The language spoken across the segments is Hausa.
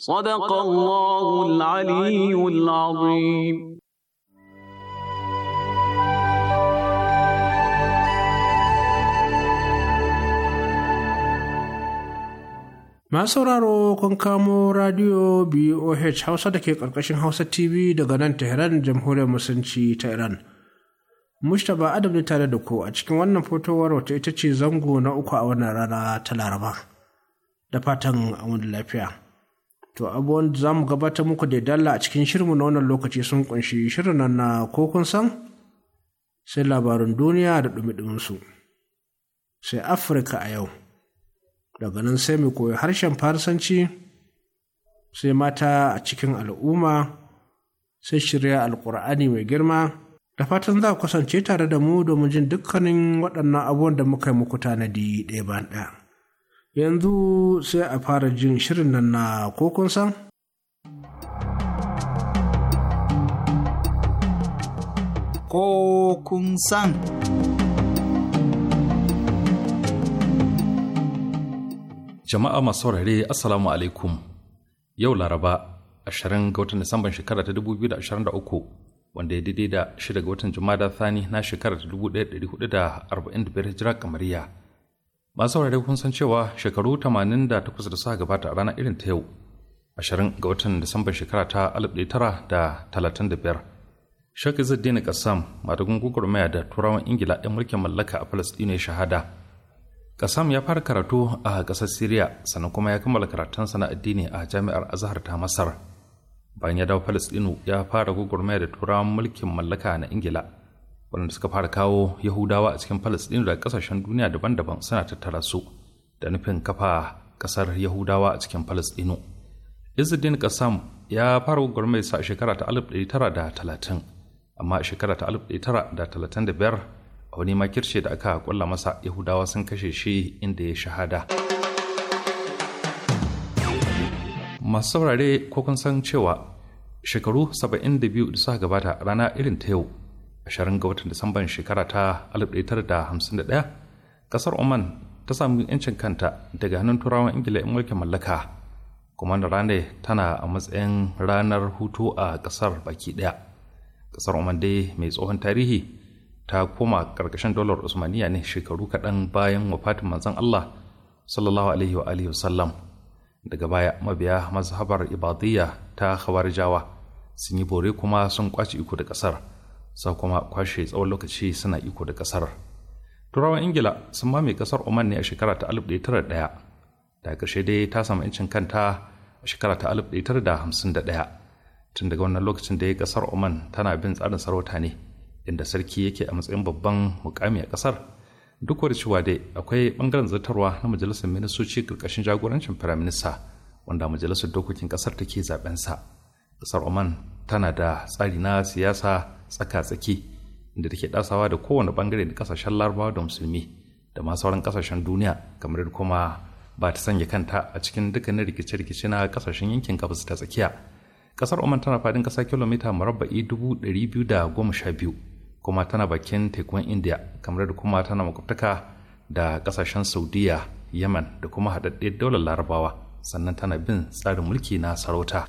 صدق الله العلي العظيم Masu sauraro kun kamo radio BOH Hausa da ke ƙarƙashin Hausa TV daga nan Tehran Jamhuriyar Musulunci ta Iran. Mushtaba Adam ne tare da ku a cikin wannan fotowar wata ita ce zango na uku a wannan rana ta Laraba. Da fatan amun lafiya. To abubuwan da za mu gabatar muku da dalla a cikin shirinmu na wannan lokaci sun kunshi shirin nan na ko kun san sai labarin duniya da ɗumi-ɗuminsu sai Afirka a yau daga nan sai mu koyi harshen farsanci sai mata a cikin al'umma sai shirya alkur'ani mai girma da fatan za ku kasance tare da mu domin jin dukkanin waɗannan abubuwan da muka yi muku tanadi ɗaya ba ɗaya. yanzu sai a fara jin shirin nan na kokon san kokun san jama'a masu saurare assalamu alaikum yau laraba 20 ga watan disamban shekara ta 2023 wanda ya daidai da 6 ga watan jumada thani na shekara ta 1445 hijira kamariya masu saurare kun san cewa shekaru 88 da suka gabata a ranar irin ta yau 20 ga watan disamban shekara ta 1935 Sheikh zaddini Qassam madagun gugurmaya da turawan ingila ɗan mulkin mallaka a palestine shahada Qassam ya fara karatu a ƙasar syria sannan kuma ya kammala karatun na addini a jami'ar azhar ta masar bayan ya dawo Palestine ya fara gugurmaya da turawan mulkin mallaka na ingila waɗanda suka fara kawo yahudawa a cikin palestine daga ƙasashen duniya daban-daban suna tattara su da nufin kafa ƙasar yahudawa a cikin falasɗinu izidin kasam ya fara mai sa a shekara ta 1930 amma a shekara ta 1935 a wani makirce da aka kwalla masa yahudawa sun kashe shi inda ya shahada masu saurare ko kun san cewa shekaru 72 da suka gabata rana irin ta yau ashirin ga watan disamban shekara ta 1951 ƙasar oman ta samu yancin kanta daga hannun turawan ingila in mulkin mallaka kuma da rane tana a matsayin ranar hutu a ƙasar baki daya ƙasar oman dai mai tsohon tarihi ta koma karkashin dolar usmaniya ne shekaru kaɗan bayan wafatin manzon allah sallallahu alaihi wa alihi wasallam daga baya mabiya mazhabar ibadiyya ta khawarijawa sun yi bore kuma sun kwace iko da ƙasar. sa kuma kwashe tsawon lokaci suna iko da kasar turawan ingila sun mame kasar oman ne a shekara ta 1901 da ƙarshe dai ta samu 'yancin kanta a shekara ta 1951 tun daga wannan lokacin da ya kasar oman tana bin tsarin sarauta ne inda sarki yake a matsayin babban mukami a ƙasar. duk da cewa dai akwai ɓangaren zartarwa na majalisar ministoci ƙarƙashin jagorancin firaminista wanda majalisar dokokin ƙasar take zaɓensa. sa ƙasar oman tana da tsari na siyasa tsaka-tsaki inda take dasawa da kowane bangare da kasashen larabawa da musulmi da ma sauran kasashen duniya kamar da kuma ba ta sanya kanta a cikin dukkanin rikice-rikice na kasashen yankin gabas ta tsakiya kasar oman tana fadin kasa kilomita murabba'i biyu da goma sha biyu kuma tana bakin tekun india kamar da kuma tana makwabtaka da kasashen saudiya yaman da kuma haɗaɗɗe daular larabawa sannan tana bin tsarin mulki na sarauta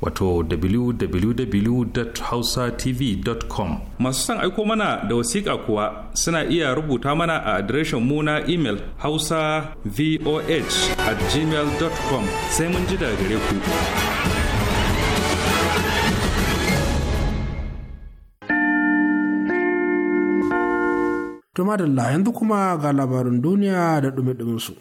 wato www.hausatv.com masu son aiko mana da wasiƙa kuwa suna iya rubuta mana a adireshin mu na imel hausa voh at gmail.com sai mun ji daga gare ku Tuma da yanzu kuma ga labarin duniya da ɗumi-ɗuminsu.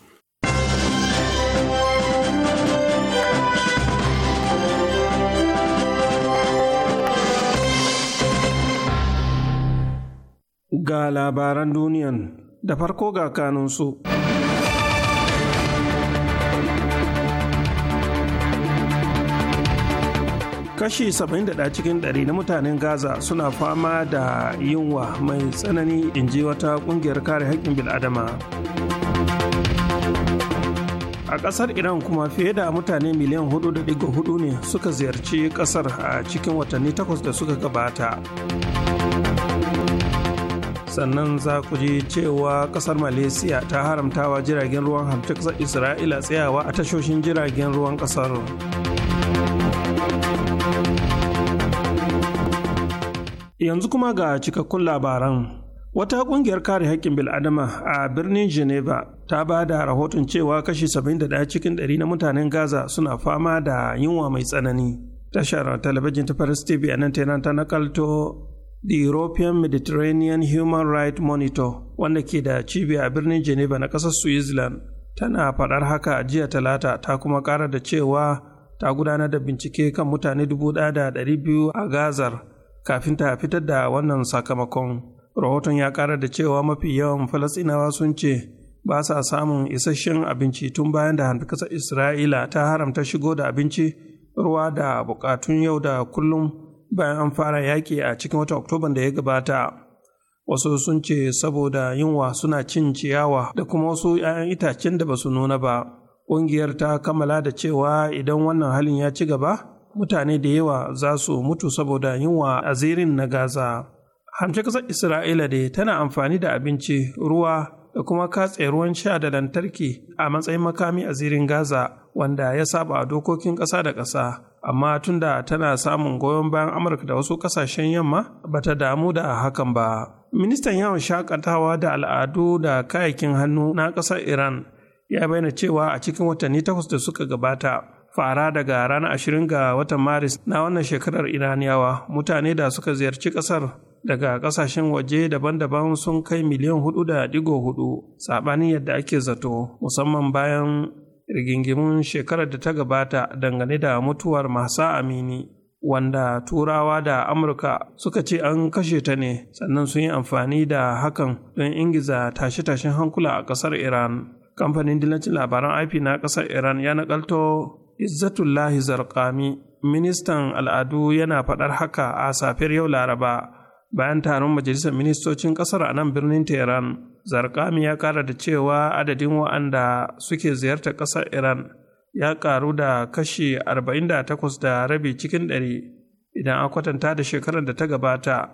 Ga labaran duniyan da farko ga kanunsu. Kashi 71 cikin ɗari na mutanen Gaza suna fama da yunwa mai tsanani inji wata ƙungiyar kare haƙƙin bil'adama. a ƙasar iran kuma fiye da mutane miliyan 4.4 ne suka ziyarci ƙasar a cikin watanni takwas da suka gabata sannan za ku ji cewa kasar malaysia ta haramtawa jiragen ruwan hamtuk isra'ila tsayawa a tashoshin jiragen ruwan kasar yanzu kuma ga cikakkun labaran wata kungiyar kare haƙƙin bil'adama a birnin geneva ta ba da rahoton cewa kashi 71 cikin 100 na mutanen gaza suna fama da yunwa mai tsanani tashar talabijin ta paris tv a nan ta nakalto the European Mediterranean Human Rights Monitor wanda ke da cibiya a birnin Geneva na ƙasar Switzerland tana faɗar haka a jiya talata ta kuma ƙara da cewa ta gudanar da bincike kan mutane biyu a Gazar kafin ta fitar da wannan sakamakon. Rahoton ya ƙara da cewa mafi yawan Falasɗinawa sun ce ba sa samun isasshen abinci tun bayan da ƙasar Isra'ila ta haramta shigo da abinci, ruwa da bukatun yau da kullum. bayan an fara yaƙi a cikin watan oktoban da ya gabata wasu sun ce saboda yunwa suna cin ciyawa da kuma wasu 'ya'yan itacen da ba su nuna ba ƙungiyar ta kammala da cewa idan wannan halin ya ci gaba mutane da yawa za su mutu saboda yunwa a zirin na gaza hamshe ƙasar isra'ila dai tana amfani da abinci ruwa da kuma katse ruwan sha da lantarki a matsayin makami a zirin gaza wanda ya saba dokokin ƙasa da ƙasa amma tun da tana samun goyon bayan amurka da wasu ƙasashen yamma ba ta damu da hakan ba ministan yawon shakatawa da al'adu da kayakin hannu na ƙasar iran ya bayyana cewa a cikin watanni takwas da suka gabata fara daga ranar ashirin ga watan maris na wannan shekarar iraniyawa mutane da suka ziyarci ƙasar daga ƙasashen waje daban-daban sun kai miliyan hudu da digo hudu saɓanin yadda ake zato musamman bayan rigingimun shekarar da ta gabata dangane da mutuwar Masu Amini wanda turawa da amurka suka ce an kashe ta ne sannan sun yi amfani da hakan don ingiza tashe-tashen hankula a ƙasar iran kamfanin dillancin labaran ip na ƙasar iran ya nakalto izzatullahi zarkami ministan al'adu yana faɗar haka a safiyar yau laraba bayan taron majalisar ministocin ƙasar a nan birnin tehran zarkami ya kara da cewa adadin wa'anda suke ziyarta ƙasar iran ya karu da kashi 48 da rabi cikin ɗari idan an kwatanta da shekarar da ta gabata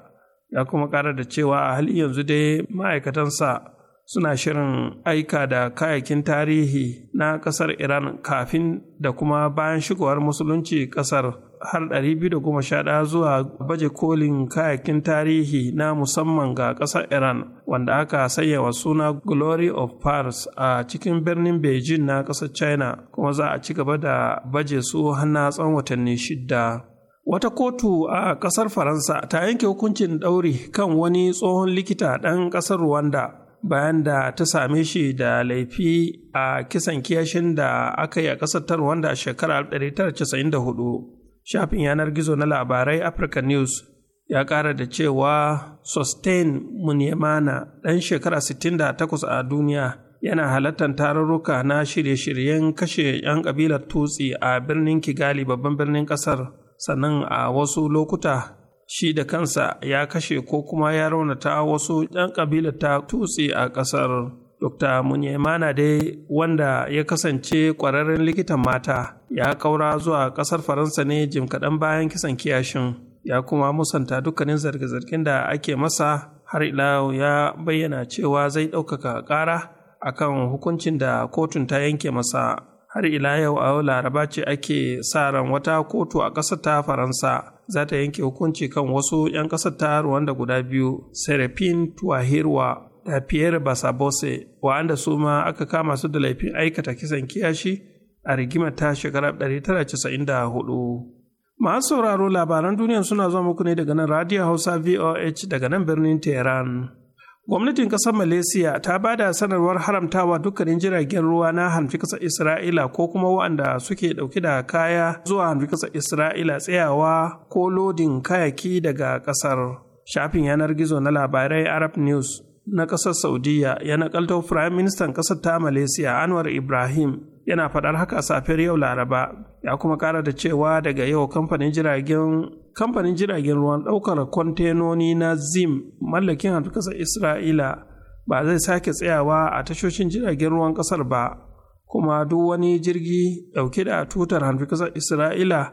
ya kuma kara da cewa a hali yanzu dai ma'aikatansa suna shirin aika da kayakin tarihi na ƙasar Iran kafin da kuma bayan shigowar musulunci ƙasar har 211 zuwa baje kolin kayakin tarihi na musamman ga ƙasar Iran wanda aka sanya wa suna Glory of Paris a cikin birnin Beijing na ƙasar China kuma za a ci gaba da baje su hana tsawon watanni shidda. Wata kotu a ƙasar Faransa ta yanke hukuncin ɗauri kan wani tsohon likita ɗan ƙasar Rwanda bayan da ta same shi da laifi a kisan kiyashin da aka yi a ƙasar wanda a shekarar 1994. Shafin yanar gizo na labarai Africa News ya ƙara da cewa Sustain Munyemana ɗan shekara 68 a duniya yana halartar tarurruka na shirye-shiryen kashe 'yan ƙabilar Tutsi a birnin Kigali babban birnin ƙasar sannan a wasu lokuta shi da kansa ya kashe ko kuma ya raunata wasu ɗan ƙabilar ta tutsi a ƙasar. Dr. Munyemana dai wanda ya kasance ƙwararren likitan mata ya ƙaura zuwa ƙasar Faransa ne jim kaɗan bayan kisan kiyashin ya kuma musanta dukkanin zarge-zargen da ake masa har ila ya bayyana cewa zai ɗaukaka ƙara akan hukuncin da kotun ta yanke masa. har ila yau a laraba ce ake sa ran wata kotu a ƙasar ta faransa za ta yanke hukunci kan wasu 'yan ƙasar ta ruwanda guda biyu serafin tuwahirwa da pierre basabose wa'anda su ma aka kama su da laifin aikata kisan kiyashi a rigimar ta shekarar 1994 masu sauraro labaran duniya suna zuwa muku ne daga nan radio hausa voh daga nan birnin tehran Gwamnatin ƙasar Malaysia ta ba da sanarwar haramtawa dukkanin jiragen ruwa na hanfi ƙasar Isra'ila ko kuma waɗanda suke ɗauke da kaya zuwa hanfi ƙasar Isra'ila tsayawa ko lodin kayaki daga ƙasar. Shafin yanar gizo na labarai Arab News na ƙasar Saudiya ya nakalto Firayim Ministan ƙasar ta Malaysia Anwar Ibrahim yana faɗar haka safiyar yau Laraba ya kuma ƙara da cewa daga yau kamfanin jiragen kamfanin jiragen ruwan ɗaukar kwantenoni na zim mallakin hantar ƙasar isra'ila ba zai sake tsayawa a tashoshin jiragen ruwan ƙasar ba kuma duk wani jirgi ɗauke da tutar hantar ƙasar isra'ila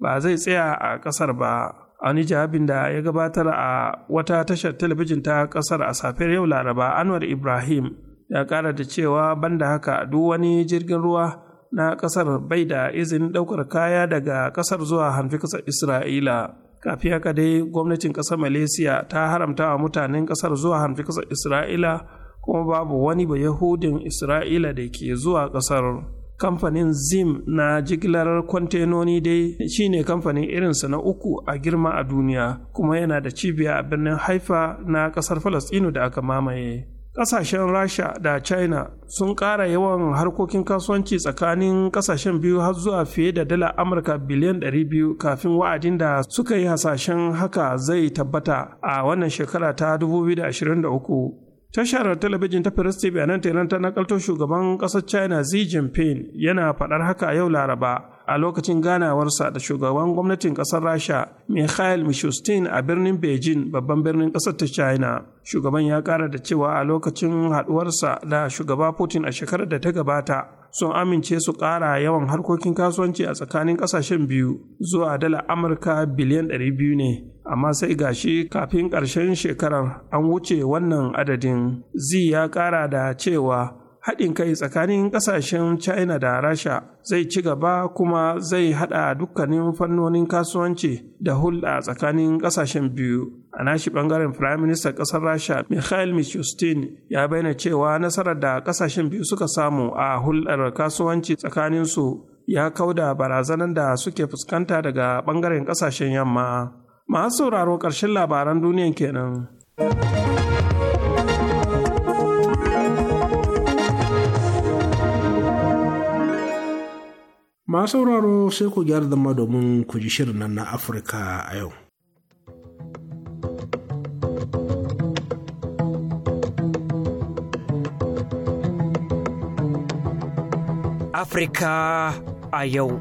ba zai tsaya a ƙasar ba a wani jawabin da ya gabatar a wata tashar talabijin ta ƙasar a safiyar yau laraba anwar ibrahim ya ƙara da cewa banda haka duk wani jirgin ruwa na ƙasar bai da izinin ɗaukar kaya daga ƙasar zuwa hanfi ƙasar Isra'ila. Kafiya haka dai gwamnatin ƙasar Malaysia ta haramta wa mutanen ƙasar zuwa hanfi ƙasar Isra'ila kuma babu wani ba Yahudin Isra'ila da ke zuwa ƙasar. kamfanin zim na jigilar kwantenoni dai Shi ne kamfanin irinsa na uku a girma a duniya kuma yana da cibiya a birnin haifa na ƙasar falasɗinu da aka mamaye kasashen rasha da china sun kara yawan harkokin kasuwanci tsakanin kasashen biyu har zuwa fiye da dala amurka biliyan 200 kafin wa'adin da suka yi hasashen haka zai tabbata a wannan shekara ta 2023 tashar talabijin ta paris tv a nan telan ta nakalto shugaban kasar china xi jinping yana faɗar haka yau laraba a lokacin ganawarsa da shugaban gwamnatin kasar rasha mikhail mishustin a birnin beijing babban birnin kasar ta china shugaban ya kara da cewa a lokacin haduwarsa da shugaba putin a shekarar da ta gabata sun amince su kara yawan harkokin kasuwanci a tsakanin kasashen biyu zuwa dala amurka biliyan 200 ne amma sai gashi kafin ƙarshen shekarar an wuce wannan adadin zi ya kara da cewa haɗin kai tsakanin ƙasashen china da rasha zai ci gaba kuma zai haɗa dukkanin fannonin kasuwanci da hulɗa tsakanin ƙasashen biyu a nashi ɓangaren firaministan ƙasar rasha mikhail mishustin ya bayyana cewa nasarar da ƙasashen biyu suka samu a hulɗar kasuwanci tsakaninsu ya kauda barazanar da suke fuskanta daga ɓangaren ƙasashen yamma masu sauraro ƙarshen labaran duniyan kenan. masu sauraro sai ku gyara zama domin ku ji shirin nan na afirka a yau Afirka a yau.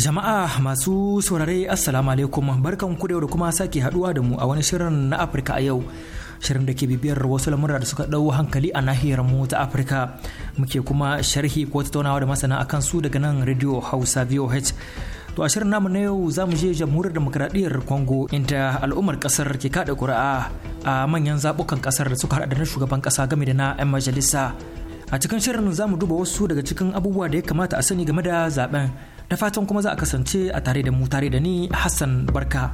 Jama'a masu saurare Assalamu alaikum barkan ku da kuma sake haduwa da mu a wani shirin na Afirka a yau. Shirin da ke bibiyar wasu lamura da suka ɗau hankali a nahiyar mu ta Afirka. muke kuma sharhi ko tattaunawa da masana akan su daga nan radio hausa voh to a shirin namu na yau za mu je jamhuriyar demokradiyyar congo inda al'ummar kasar ke kada kuri'a a manyan zabukan kasar da suka hada da na shugaban kasa game da na 'yan majalisa a cikin shirin za mu duba wasu daga cikin abubuwa da ya kamata a sani game da zaben da fatan kuma za a kasance a tare da mu tare da ni hassan barka.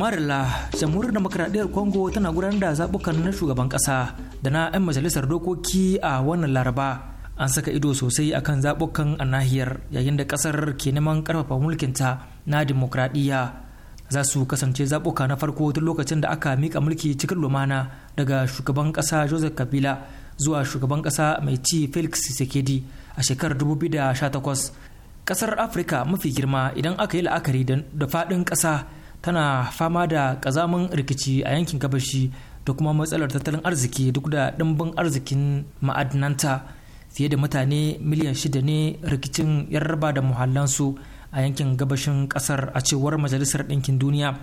somarila jamhuriyar demokradiyyar congo tana gudanar da zabukan na shugaban ƙasa da na 'yan majalisar dokoki a wannan laraba an saka ido sosai akan zabukan a nahiyar yayin da ƙasar ke neman karfafa mulkinta na demokradiyya za su kasance zabuka na farko tun lokacin da aka mika mulki cikin lumana daga shugaban kasa joseph kabila zuwa shugaban ƙasa mai ci felix Tshisekedi a shekarar 2018 ƙasar afirka mafi girma idan aka yi la'akari da faɗin ƙasa tana fama da kazamin rikici a yankin gabashi da kuma matsalar tattalin arziki duk da ɗimbin arzikin ma'adinanta fiye da mutane miliyan shida ne rikicin yarraba da muhallansu a yankin gabashin ƙasar a cewar majalisar ɗinkin duniya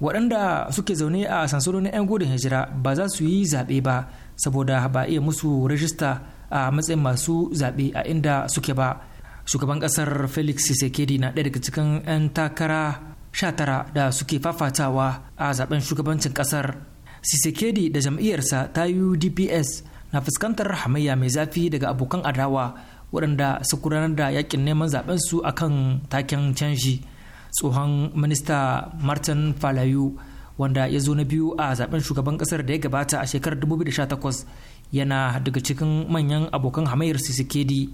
waɗanda suke zaune a sansanoni 'yan gudun hijira ba za su yi zaɓe ba saboda ba iya musu rajista a matsayin masu zaɓe a inda suke ba shugaban ƙasar felix sekedi na ɗaya daga cikin 'yan takara tara da suke fafatawa a zaben shugabancin kasar sisekedi da jam'iyyarsa ta udps na fuskantar hamayya mai zafi daga abokan adawa waɗanda su gudanar da yakin neman zaben su akan taken canji tsohon minista martin falayu wanda ya zo na biyu a zaben shugaban kasar da ya gabata a shekarar 2018 yana daga cikin manyan abokan hamayyar sisekedi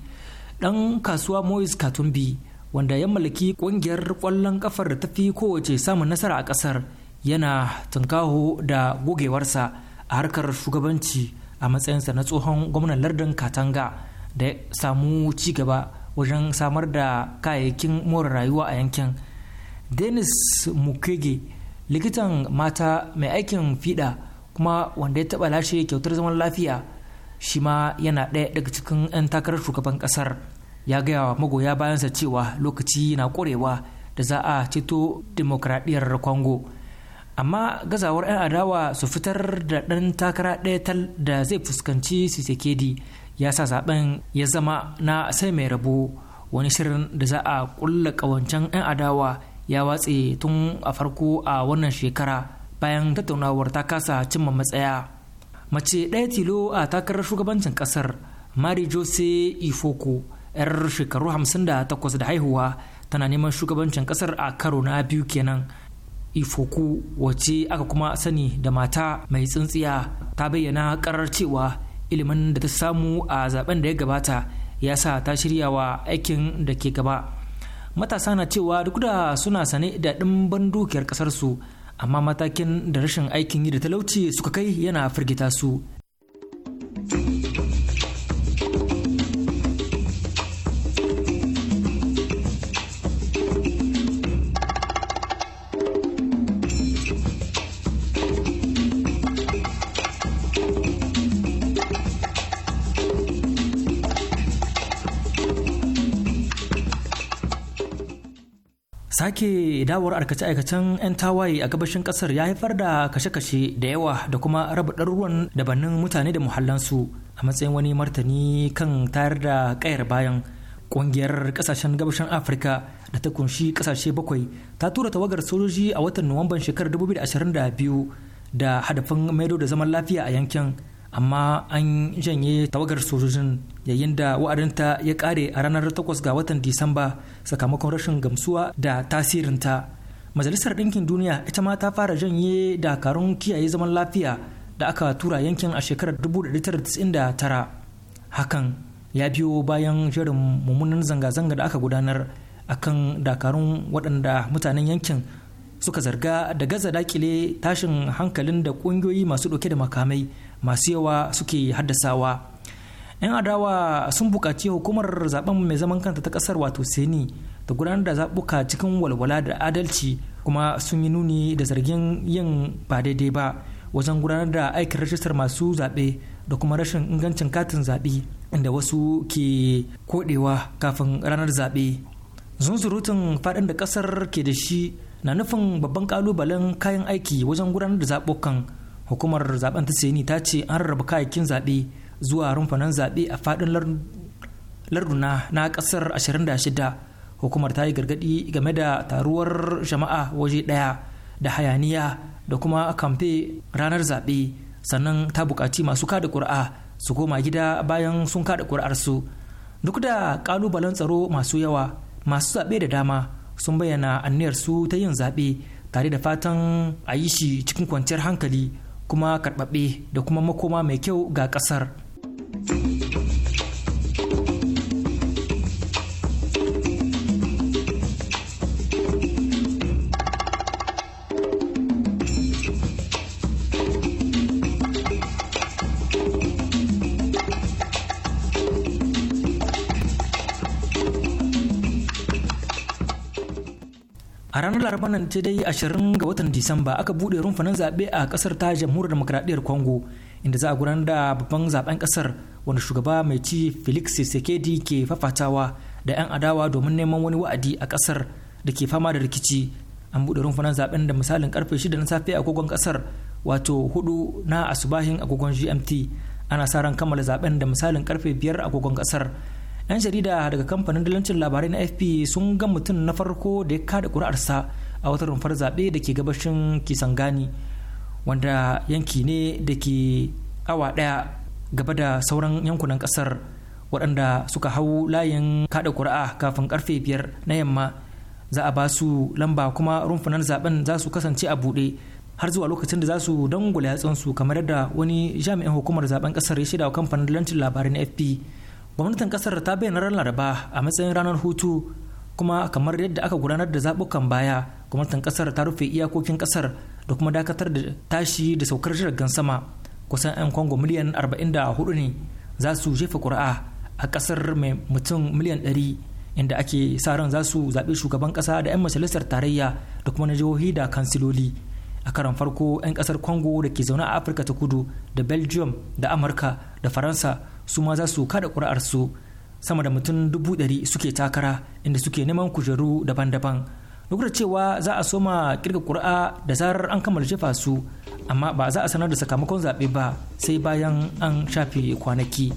dan kasuwa moise katumbi wanda ya mallaki kungiyar kwallon kafar da ta fi kowace samun nasara a kasar yana tunkaho da gogewarsa a harkar shugabanci a matsayinsa na tsohon gwamnan lardin katanga da ya samu ci gaba wajen samar da kayayyakin more rayuwa a yankin denis mukege likitan mata mai aikin fiɗa kuma wanda ya taɓa lashe kyautar zaman lafiya shi ma yana ɗaya daga cikin 'yan takarar shugaban ƙasar ya gaya wa magoya bayansa cewa lokaci na ƙurewa da za a ceto demokradiyyar congo amma gazawar 'yan adawa su fitar da ɗan takara ɗaya tal da zai fuskanci sisekedi ya sa zaben ya zama na sai mai rabo wani shirin da za a ƙulla ƙawancen 'yan adawa ya watse tun a farko a wannan shekara bayan tattaunawar ta kasa cimma matsaya mace ɗaya tilo a takarar shugabancin ƙasar mari jose ifoko 'yar shekaru hamsin da takwas da haihuwa tana neman shugabancin kasar a karo na biyu kenan ifoku wace aka kuma sani da mata mai tsintsiya ta bayyana karar cewa ilimin da ta samu a zaben da ya gabata ya sa ta shirya wa aikin da ke gaba matasa na cewa duk da suna sane da ɗimban dukiyar ƙasarsu amma matakin da rashin aikin yi da talauci suka kai yana firgita su sake dawar aikace-aikacen 'yan tawaye a gabashin kasar ya haifar da kashe-kashe da yawa da kuma raba ɗaruruwan dabanin mutane da muhallansu a matsayin wani martani kan tayar da kayar bayan ƙungiyar ƙasashen gabashin afirka da ta kunshi ƙasashe bakwai ta tura tawagar sojoji a watan nuwamban shekarar 2022 da hadafin maido da zaman lafiya a yankin amma an janye tawagar sojojin yayin da wa'adinta ya kare a ranar 8 ga watan disamba sakamakon rashin gamsuwa da tasirinta majalisar ɗinkin duniya ita ma ta fara janye dakarun kiyaye zaman lafiya da aka tura yankin a shekarar 1999 hakan ya biyo bayan jerin mummunan zanga-zanga da aka gudanar akan dakarun waɗanda mutanen yankin suka zarga da gaza dakile tashin hankalin da ƙungiyoyi masu ɗauke da makamai masu yawa suke haddasawa 'yan adawa sun buƙaci hukumar zaben mai zaman kanta ta ƙasar wato seni da gudanar da zaɓuka cikin walwala da adalci kuma sun yi nuni da zargin yin ba daidai ba wajen gudanar da aikin rajistar masu zaɓe da kuma rashin ingancin katin zaɓe inda wasu ke koɗewa kafin ranar zaɓe zunzurutun faɗin da ƙasar ke da shi na nufin babban ƙalubalen kayan aiki wajen gudanar da zaɓukan hukumar zaben ta ni ta ce an rarraba kayayyakin zaɓe zuwa rumfanan zaɓe a faɗin larduna na ƙasar 26 hukumar ta yi gargaɗi game da taruwar jama'a waje ɗaya da hayaniya da kuma kamfe ranar zaɓe sannan ta buƙaci masu kada ƙuri'a su koma gida bayan sun kada ƙura'arsu duk da ƙalubalen tsaro masu yawa masu zaɓe da dama sun bayyana su ta yin zaɓe tare da fatan a yi shi cikin kwanciyar hankali kuma karɓaɓɓe da kuma makoma mai kyau ga ƙasar. ranar ta dai 20 ga watan Disamba aka buɗe rumfanin zaɓe a ƙasar ta jamhuriyar demokradiyyar Congo inda za a gudanar da babban zaben ƙasar wanda shugaba mai ci Felix sekedi ke fafatawa da 'yan adawa domin neman wani wa'adi a ƙasar da ke fama da rikici an buɗe rumfanin zaben da misalin karfe 6 na safe a agogon ƙasar wato 4 na asubahin agogon GMT ana sa ran kammala zaben da misalin karfe 5 a agogon ƙasar 'yan jarida daga kamfanin dalancin labarai na fp sun ga mutum na farko da ya kada kuri'arsa a wata rumfar zaɓe da ke gabashin kisangani wanda yanki ne da ke awa ɗaya gaba da sauran yankunan ƙasar waɗanda suka hau layin kaɗa ƙuri'a kafin ƙarfe biyar na yamma za a ba su lamba kuma rumfunan zaben za su kasance a buɗe har zuwa lokacin da za su dangula yatsunsu kamar yadda wani jami'in hukumar zaben ƙasar ya shaida wa kamfanin dalancin labarai na fp gwamnatin ƙasar ta bayyana ranar laraba a matsayin ranar hutu kuma kamar yadda aka gudanar da zaɓukan baya gwamnatin kasar ta rufe iyakokin kasar da kuma dakatar da tashi da saukar jiragen sama kusan 'yan kwango miliyan 44 ne za su jefa ƙuri'a a kasar mai mutum miliyan 100 inda ake sa ran za su zaɓi shugaban ƙasa da 'yan majalisar tarayya da kuma na jihohi da kansiloli a karan farko 'yan kasar kongo da ke zaune a afirka ta kudu da belgium da amurka da faransa su ma za su kada su sama da mutum dubu ɗari suke takara inda suke neman kujeru daban-daban duk da cewa za a soma kirga kura da zarar an kammala jefa su amma ba za a sanar da sakamakon zaɓe ba sai bayan an shafe kwanaki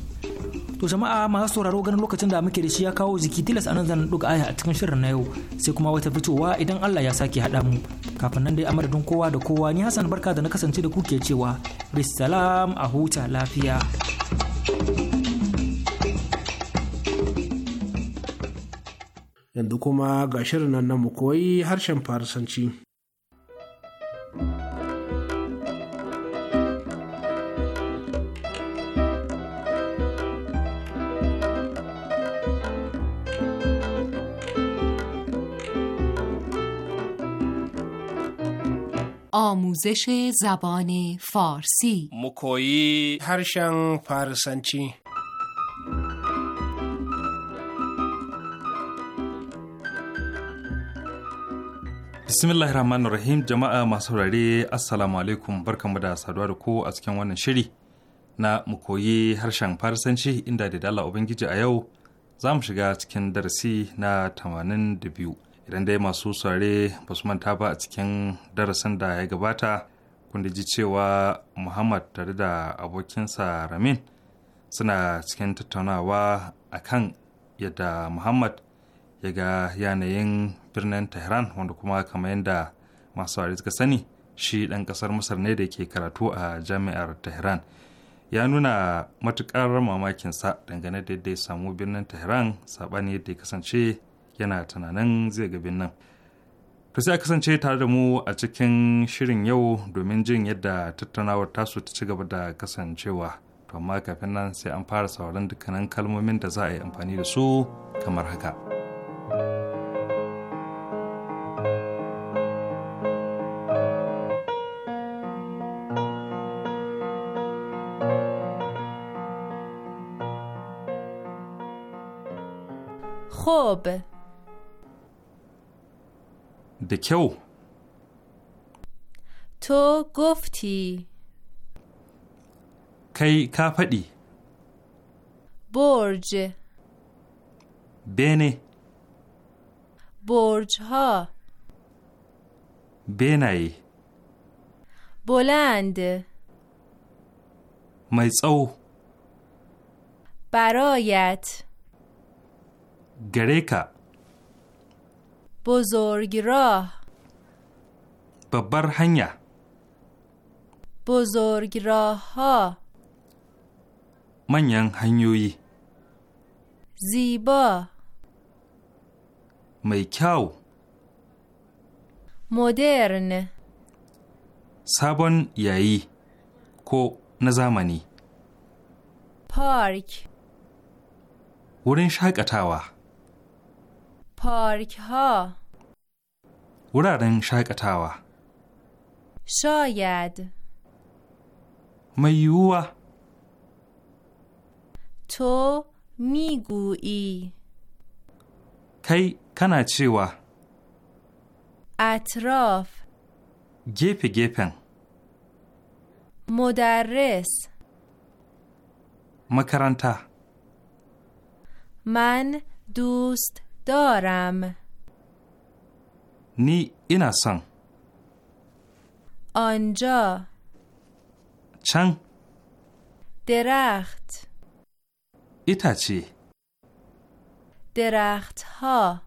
to jama'a masu sauraro ganin lokacin da muke da shi ya kawo jiki tilas anan zan duka aya a cikin shirin na yau sai kuma wata fitowa idan Allah ya sake haɗa mu kafin nan dai a madadin kowa da kowa ni Hassan barka da na kasance da ku ke cewa bisalam a huta lafiya yanzu kuma ga shirin nan mu koyi harshen farsanci آموزش زبان فارسی مکویی هرشن فارسنچی Bismillahir Rahmanir Rahim jama'a masu saurare Assalamu alaikum barkanmu da saduwa da ku a cikin wannan shiri na mu koyi harshen Farsanci inda da dala Ubangiji a yau za mu shiga cikin darasi na 82 idan dai masu saurare ba su manta ba a cikin darasin da ya gabata kun ji cewa Muhammad tare da abokinsa Ramin suna cikin tattaunawa akan yadda Muhammad ya ga yanayin birnin tehran wanda kuma kamar yadda masu wari suka sani shi ɗan ƙasar masar ne da ke karatu a jami'ar tehran ya nuna matuƙar mamakinsa dangane da yadda ya samu birnin tehran saɓani yadda ya kasance yana tunanin zai ga birnin to sai a kasance tare da mu a cikin shirin yau domin jin yadda tattaunawar tasu ta ci gaba da kasancewa to amma kafin nan sai an fara sauran dukkanin kalmomin da za a yi amfani da su kamar haka. Da kyau. To gofti. Kai ka faɗi. Borj. Bene. Borj ha. Benaye. Boland. Mai tsawo. برایت Gare ka. Buzurgiro. Babbar hanya. Buzurgiroho. Manyan hanyoyi. Ziba. Mai kyau. Modiyar Sabon yayi ko na zamani? Park. Wurin shaƙatawa. پارک ها ورارن شاکتاوا شاید میوه تو میگویی کی کنا چیوا اطراف گپ گپن مدرس مکرانتا من دوست دارم نی اینا سان آنجا چنگ درخت ایتاچی درخت ها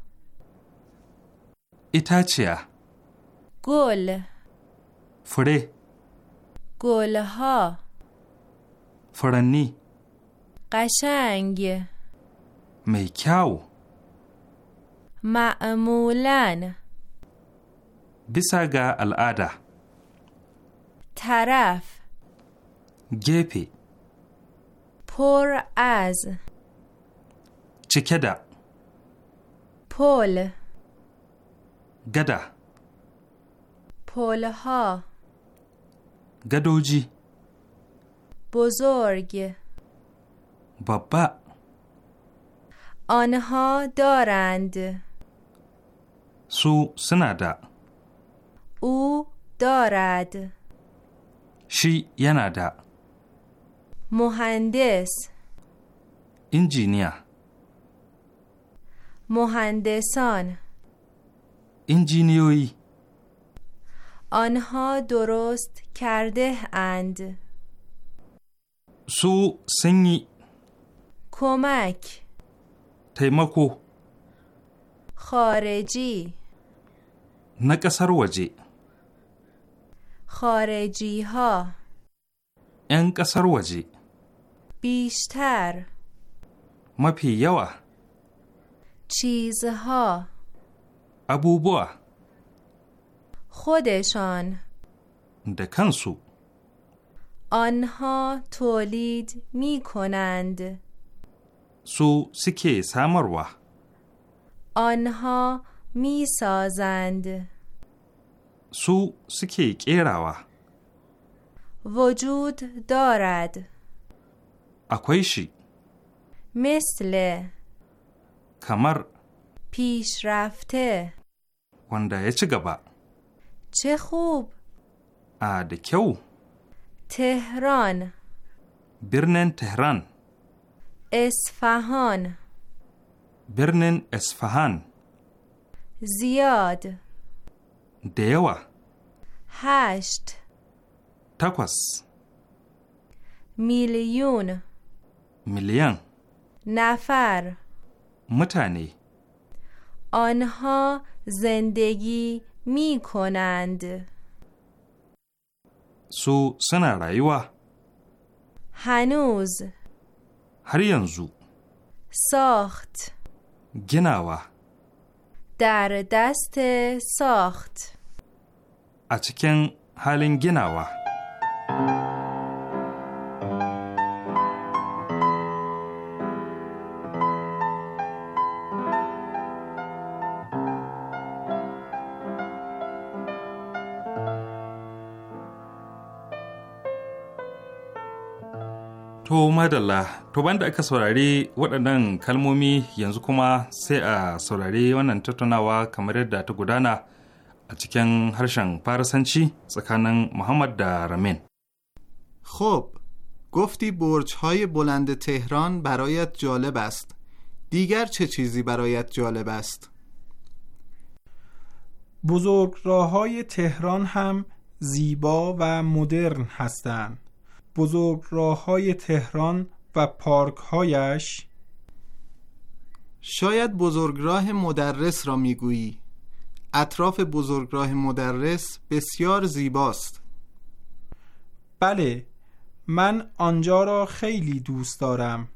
ایتاچیا گل فره گل ها فرنی قشنگ میکاو معمولا bisa ga طرف gefe پر از چکده پول پل گدا ها گدوجی بزرگ بابا آنها دارند سو سنادا او دارد شی ینادا مهندس انجینیا مهندسان انجینیوی آنها درست کرده اند سو سنی کمک تیمکو خارجی na خارجی ها ‘yan بیشتر mafi ها چیزها بو خودشان دکنسو آنها تولید می کنند سو سکه سامروا آنها می سازند سو سکی کیراوا وجود دارد اکویشی مثل کمر پیشرفته wanda ya ci gaba. چه خوب! A da kyau. Tehran. Birnin Tehran. Isfahan. Birnin Isfahan. زیاد دیوه هشت تاکوس میلیون میلیون نفر متانی آنها زندگی می کنند سو سنا رایوا هنوز هر ینزو ساخت گناوه در دست ساخت اچکن حالین To madalla, to banda aka saurari waɗannan kalmomi yanzu kuma sai a saurari wannan tattaunawa kamar yadda ta gudana a cikin harshen farasanci tsakanin Muhammad da Ramin. خب گفتی برج های بلند تهران برایت جالب است دیگر چه چیزی برایت جالب است؟ بزرگ راه های تهران هم زیبا و مدرن هستند بزرگ راه های تهران و پارک هایش شاید بزرگراه مدرس را میگویی اطراف بزرگراه مدرس بسیار زیباست بله من آنجا را خیلی دوست دارم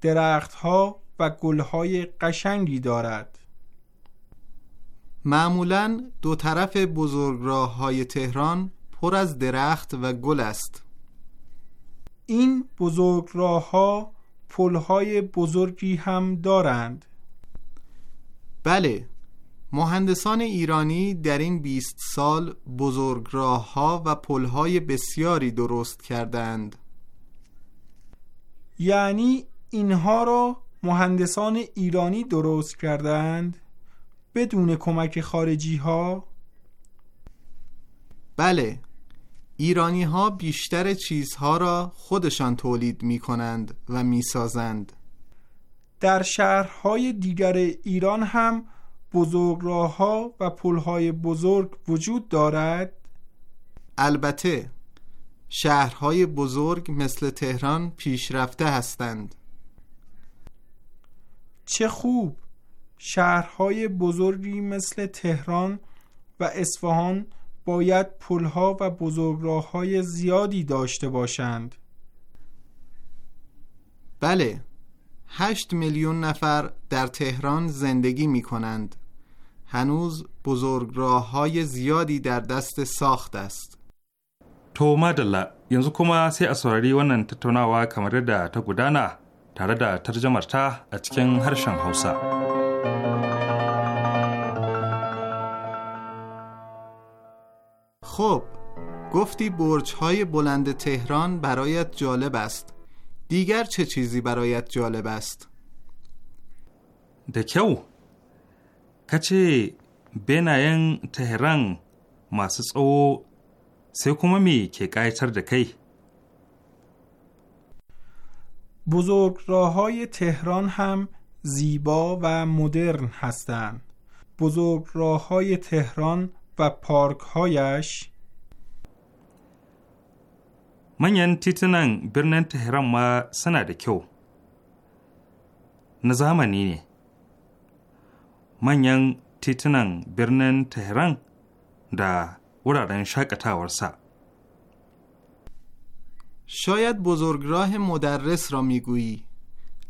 درختها و گلهای قشنگی دارد معمولا دو طرف بزرگراه های تهران پر از درخت و گل است این پل پلهای بزرگی هم دارند بله مهندسان ایرانی در این 20 سال ها و پلهای بسیاری درست کردند یعنی اینها را مهندسان ایرانی درست کردند بدون کمک خارجی ها؟ بله ایرانی ها بیشتر چیزها را خودشان تولید می کنند و می سازند. در شهرهای دیگر ایران هم بزرگراهها و پلهای بزرگ وجود دارد؟ البته شهرهای بزرگ مثل تهران پیشرفته هستند چه خوب شهرهای بزرگی مثل تهران و اصفهان باید پولها و بزرگراه‌های های زیادی داشته باشند بله هشت میلیون نفر در تهران زندگی می کنند هنوز بزرگراه‌های های زیادی در دست ساخت است تو مدلا ینزو کما سی و ونن تتونا و کمرده تا گدانه تارده ترجمه تا اتکن هرشان حوصه Thank خب گفتی برج های بلند تهران برایت جالب است دیگر چه چیزی برایت جالب است؟ دکیو کچه بناین تهران ماسس او سکوممی که قایتر دکی بزرگ راه تهران هم زیبا و مدرن هستند. بزرگ راه های تهران و پارک هایش من یعنی تیتنان برنن تهران ما سنده کیو نزامنی نه من یعنی تیتنان برنن تهران دا وردن شاکتا ورسا شاید بزرگراه مدرس را میگویی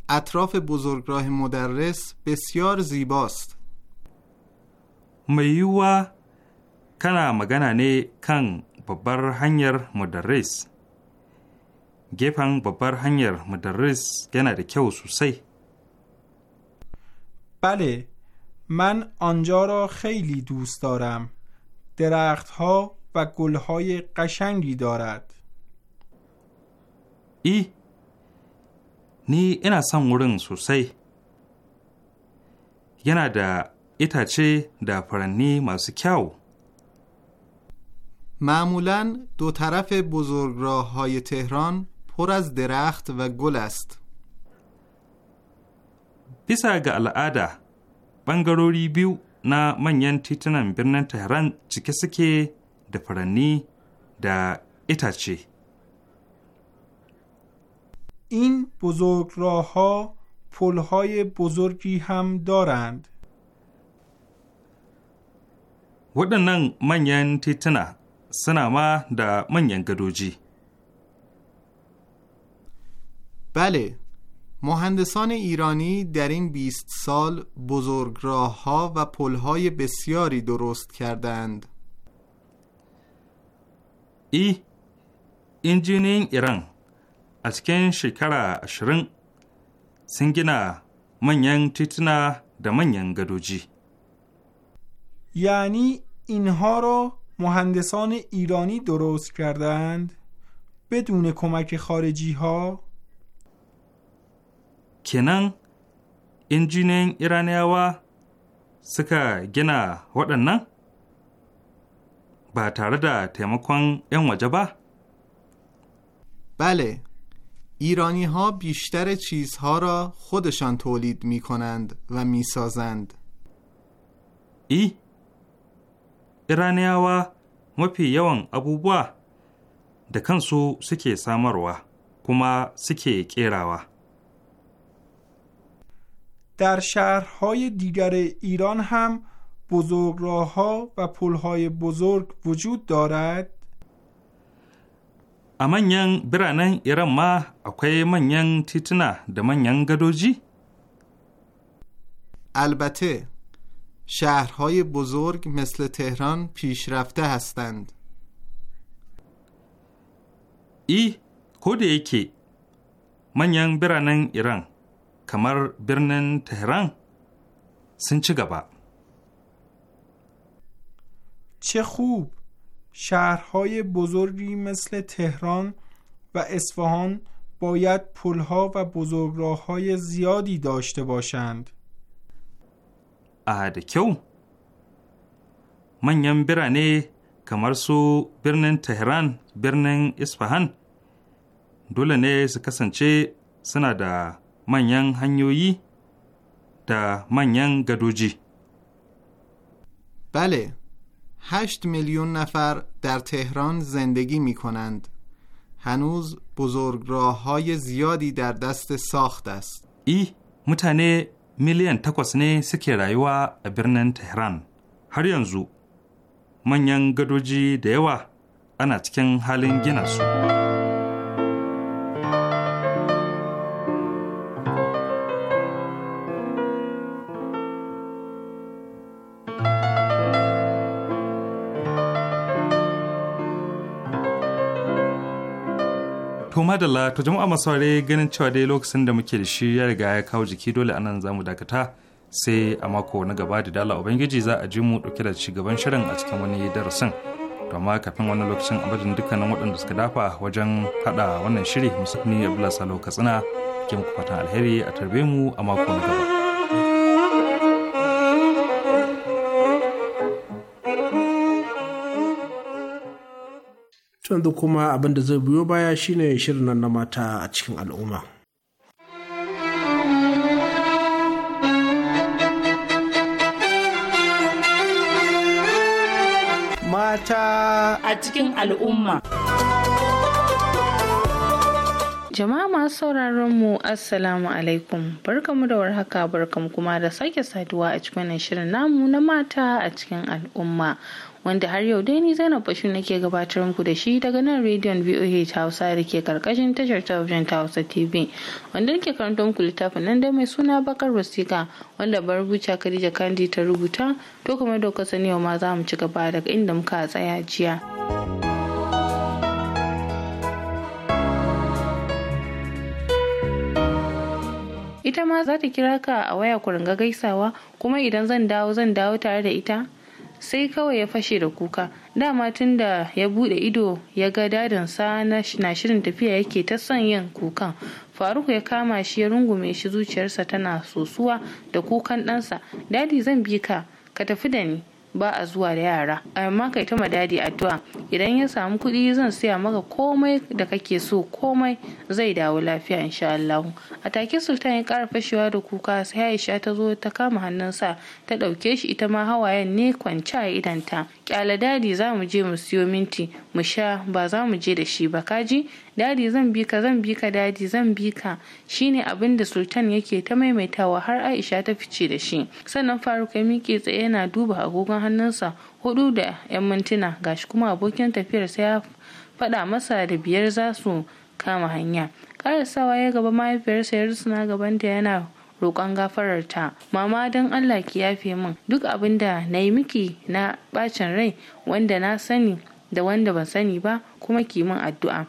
اطراف بزرگراه مدرس بسیار زیباست میوه کنا مگنه نه کن ببر هنگر مدرس گپن ببر هنگر مدرس گنه ده کیو سوسی بله من آنجا را خیلی دوست دارم درختها و های قشنگی دارد ای نی اینا سان ورن سوسی yana da itace da furanni معمولا دو طرف راه های تهران پر از درخت و گل است. Bisa ga al'ada, ɓangarori biyu na manyan titunan birnin Tehran cike suke da furanni da itace. این راه ها پلهای بزرگی هم دارند. waɗannan manyan tituna سنامه ma da manyan بله مهندسان ایرانی در این 20 سال بزرگ ها و پل های بسیاری درست کردند ای انجینین ایران از کن شکر اشرن سنگینا منین تیتنا ده منین گدوجی یعنی اینها رو مهندسان ایرانی درست کردند بدون کمک خارجی ها کنن انجینین ها سکا گنا ودنن با تاره تیمکون این وجه بله ایرانی ها بیشتر چیزها را خودشان تولید می کنند و می سازند ای iraniyawa mafi yawan abubuwa da kansu suke samarwa kuma suke kerawa در شهرهای دیگر ایران هم بزرگراهها و پلهای بزرگ وجود دارد a manyan biranen Iran ma akwai manyan tituna da manyan gadoji? البته شهرهای بزرگ مثل تهران پیشرفته هستند. ای کد یکی manyan biranen ایران، کمر بیرنن تهران، سن چه خوب شهرهای بزرگی مثل تهران و اصفهان باید پلها و بزرگراههای زیادی داشته باشند. a da kyau? Manyan birane kamar su birnin Tehran, birnin Isfahan, dole ne su kasance suna da manyan hanyoyi da manyan gadoji. Bale, هشت میلیون نفر در تهران زندگی می کنند. هنوز بزرگ راه های زیادی در دست ساخت است. ای متنه miliyan takwas ne suke rayuwa a birnin Tehran. Har yanzu, manyan gadoji da yawa ana cikin halin gina su. To madalla to jama'a masu ganin cewa dai lokacin da muke da shi ya riga ya kawo jiki dole anan za mu dakata sai a mako na gaba da dala ubangiji za a ji mu dauke da shugaban shirin a cikin wani darasin. To amma kafin wani lokacin abadin dukkanin waɗanda suka dafa wajen haɗa wannan shiri musamman Abdullahi Salo Katsina ke muku fatan alheri a tarbe mu a mako na gaba. yanzu kuma abin da zai biyo baya shine shirin na mata a cikin al'umma. Mata a cikin al'umma. Jama'a masu sauraron mu Assalamu alaikum barkamu da warhaka barkamu kuma da sake saduwa a cikin wannan shirin namu na mata a cikin al'umma wanda har yau dai ni Zainab Bashu nake gabatar muku da shi daga nan rediyon VOH Hausa da ke karkashin tashar talabijin ta Hausa TV wanda nake karanta muku littafin nan da mai suna Bakar Wasika wanda barubuciya kadija Kandi ta rubuta to kuma da kuka ma za mu ci gaba daga inda muka tsaya jiya. ita ma za ta kira ka a waya ku ringa gaisawa kuma idan zan dawo zan dawo tare da ita sai kawai ya fashe da kuka dama tun da ya bude ido ya ga dadansa na shirin tafiya yake ta son yin kukan faruk ya kama shi ya rungume shi zuciyarsa tana sosuwa da kukan ɗansa dadi zan bi ka ka tafi da ni ba a zuwa da yara amma kai ta madadi addu'a idan ya samu kuɗi zan siya maka komai da kake so komai zai dawo lafiya insha Allah a take sultan ya ƙara fashewa da kuka sai Aisha ta zo ta kama hannunsa ta ɗauke shi ita ma hawayen ne kwance a idanta kyala dadi za mu je mu siyo minti mu sha ba za mu je da shi ba kaji dadi zan bi ka zan bi ka dadi zan bi ka shine abin da sultan yake ta maimaitawa har aisha ta fice da shi sannan faruk ya miƙe tsaye yana duba agogon hannunsa hudu da yan mintuna gashi kuma abokin tafiyar sai ya faɗa masa da biyar za su kama hanya karasawa ya gaba mahaifiyarsa ya rusuna da yana roƙon ta. mama don allah ki yafe min duk abin da na yi miki na bacin rai wanda na sani da wanda ban sani ba kuma ki min addu'a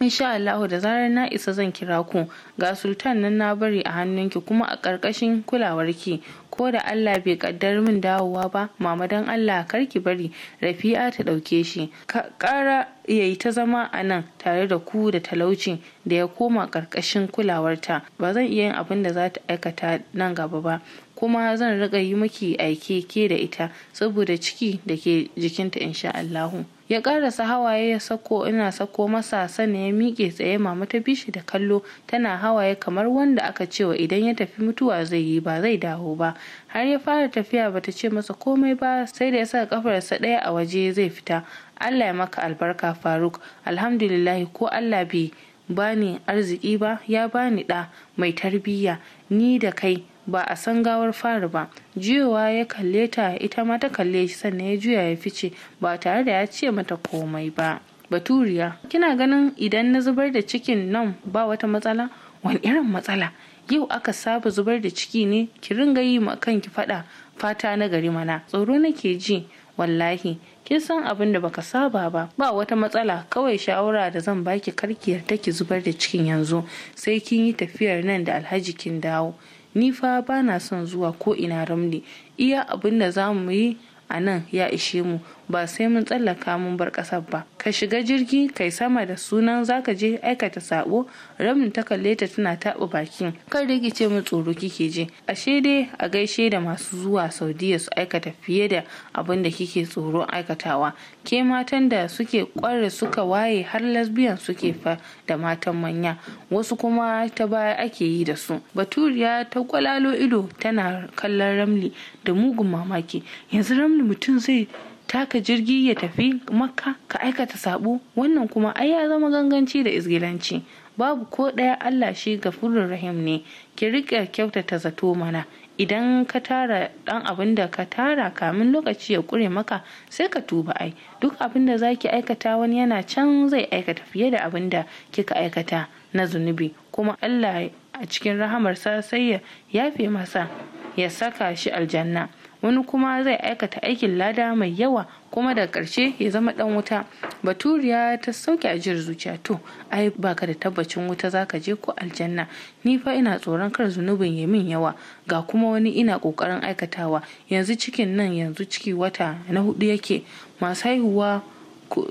insha Allahu da zarar na isa zan kira ku ga sultan nan na bari a hannunki kuma a ƙarƙashin kulawarki ko da Allah bai kaddar min dawowa ba mama dan Allah kar ki bari Rafi'a ta ɗauke shi ka kara yayi ta zama a nan tare da ku da talauci da ya koma ƙarƙashin kulawarta ba zan iya yin abin da za ta aikata nan gaba ba kuma zan riƙa yi miki aike ke da ita saboda ciki da ke jikinta insha Allahu ya karasa hawaye ya sako ina sako masa sana ya miƙe tsaye mama ta bishi da kallo tana hawaye kamar wanda aka cewa idan ya tafi mutuwa zai yi ba zai dawo ba har ya fara tafiya bata ce masa komai ba sai da ya sa kafarsa ɗaya a waje zai fita allah ya maka albarka faruk alhamdulillah ko allah bai bani arziki ba ya bani ɗa mai tarbiyya ni da kai ba a san gawar fara ba juyowa ya kalle ta ita ma ta kalle shi sannan ya juya ya fice ba tare da ya ce mata komai ba baturiya kina ganin idan na zubar da cikin nan ba wata matsala wani irin matsala yau aka saba zubar da ciki ne ki ringa yi ma kanki fada fata na gari mana tsoro nake ji wallahi kin san abin da baka saba ba ba wata matsala kawai shawara da zan baki karkiyar ki zubar da cikin yanzu sai kin yi tafiyar nan da alhaji kin dawo ni fa ba na son zuwa ko ina ramli iya abin da za mu yi a nan ya ishe mu ba sai mun tsallaka mun bar ƙasar ba ka shiga jirgi kai sama da sunan zaka je aikata sabo ramin ta kalle ta tana taɓa bakin kan rikice mu tsoro kike je ashe dai a gaishe da masu zuwa saudiya su aikata fiye da abin da kike tsoro aikatawa ke matan da suke kware suka waye har lesbian suke fa da matan manya wasu kuma ta baya ake yi da su baturiya ta kwalalo ido tana kallon ramli da mugun mamaki yanzu ramli mutum zai taka jirgi ya tafi makka ka aikata sabo wannan kuma ai ya zama ganganci da izgilanci babu ko ɗaya allah shi ga gafurin rahim ne ki riƙa kyautata zato mana idan ka tara dan abin da ka tara kamin lokaci ya kure maka sai ka tuba ai duk abin da zaki aikata wani yana can zai aikata fiye da abin da kika aikata na zunubi kuma Allah a cikin rahamarsa sai ya yafe masa ya saka shi aljanna wani kuma zai aikata aikin lada mai yawa kuma daga ƙarshe ya zama dan wuta baturiya ta sauke ajiyar zuciya to ai baka da tabbacin wuta zaka je ko aljanna ni fa ina tsoron kar zunubin ya min yawa ga kuma wani ina kokarin aikatawa yanzu cikin nan yanzu ciki wata na hudu yake masu haihuwa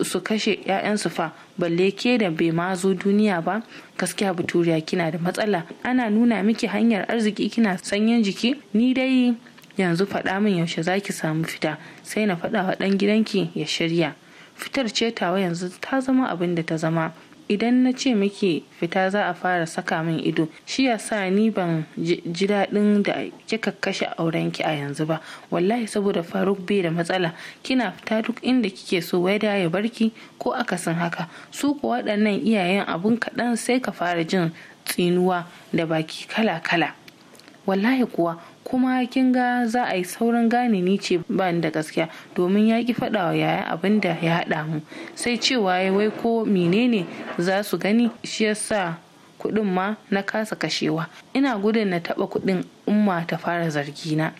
su kashe 'ya'yansu fa balle ke da bai ma zo duniya ba gaskiya baturiya kina da matsala ana nuna miki hanyar arziki kina sanyin jiki ni dai yanzu faɗa min yaushe za ki samu fita sai na faɗa wa ɗan gidanki ya shirya fitar ce tawa yanzu ta zama abin da ta zama idan na ce miki fita za a fara saka min ido shi ya sa ni ban ji daɗin da kika kashe aurenki a yanzu ba wallahi saboda faruk bai da matsala kina fita duk inda kike so da ya barki ko akasin haka su ko waɗannan iyayen abun kaɗan sai ka fara jin tsinuwa da baki kala kala wallahi kuwa kuma kin ga za a yi saurin gane ni ce ba da gaskiya domin ya ki faɗa wa yaya abin da ya haɗa mu sai cewa ya wai ko menene za su gani shi ya sa kuɗin ma na kasa kashewa ina gudun na taɓa kuɗin umma ta fara zargi na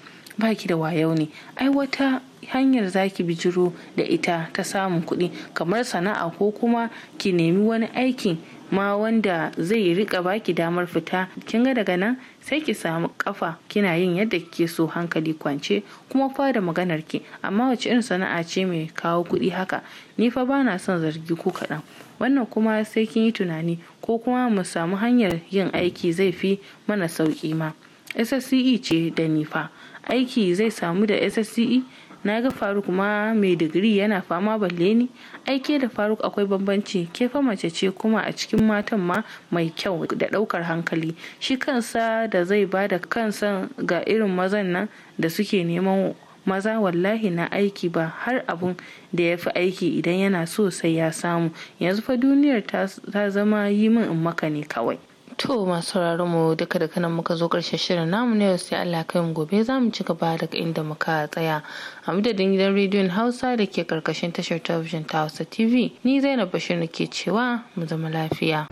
ki da wayo ne ai wata hanyar zaki bijiro da ita ta samun kuɗi kamar sana'a ko kuma ki nemi wani aikin ma wanda zai rika baki damar fita kin ga daga nan sai ki samu kafa kina yin yadda kike so hankali kwance kuma fara maganar ki amma wace irin sana'a ce mai kawo kuɗi haka ni fa bana son zargi ko kaɗan wannan kuma sai kin yi tunani ko kuma mu samu hanyar yin aiki zai fi mana sauki ma SSCE ce da nifa aiki zai samu da SSCE na ga faruk ma mai digiri yana fama balle ni aike da faruk akwai bambanci ke fa mace ce kuma a cikin matan ma mai kyau da daukar hankali shi kansa da zai ba da kansa ga irin mazan nan da suke neman maza wallahi na aiki ba har abun da ya fi aiki idan yana so sai ya samu yanzu fa duniyar ta zama yi min in maka ne kawai To masu sauraron mu duka da kanan muka zo karshen shirin namu na yau sai Allah kai mu gobe za mu ci gaba daga inda muka tsaya. A madadin gidan rediyon Hausa da ke karkashin tashar talabijin ta Hausa TV ni Zainab Bashir ke cewa mu zama lafiya.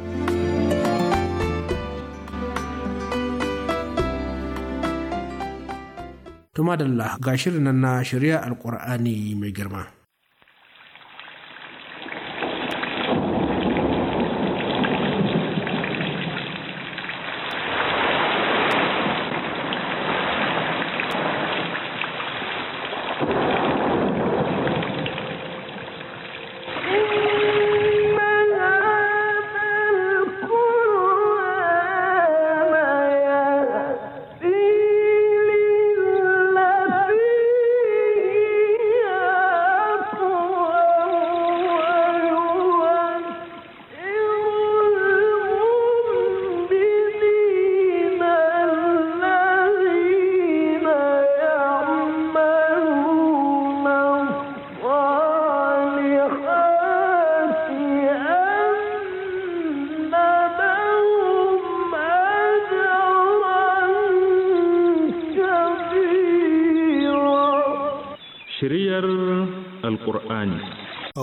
Tumadalla ga shirin nan na shari'a Alƙur'ani mai girma.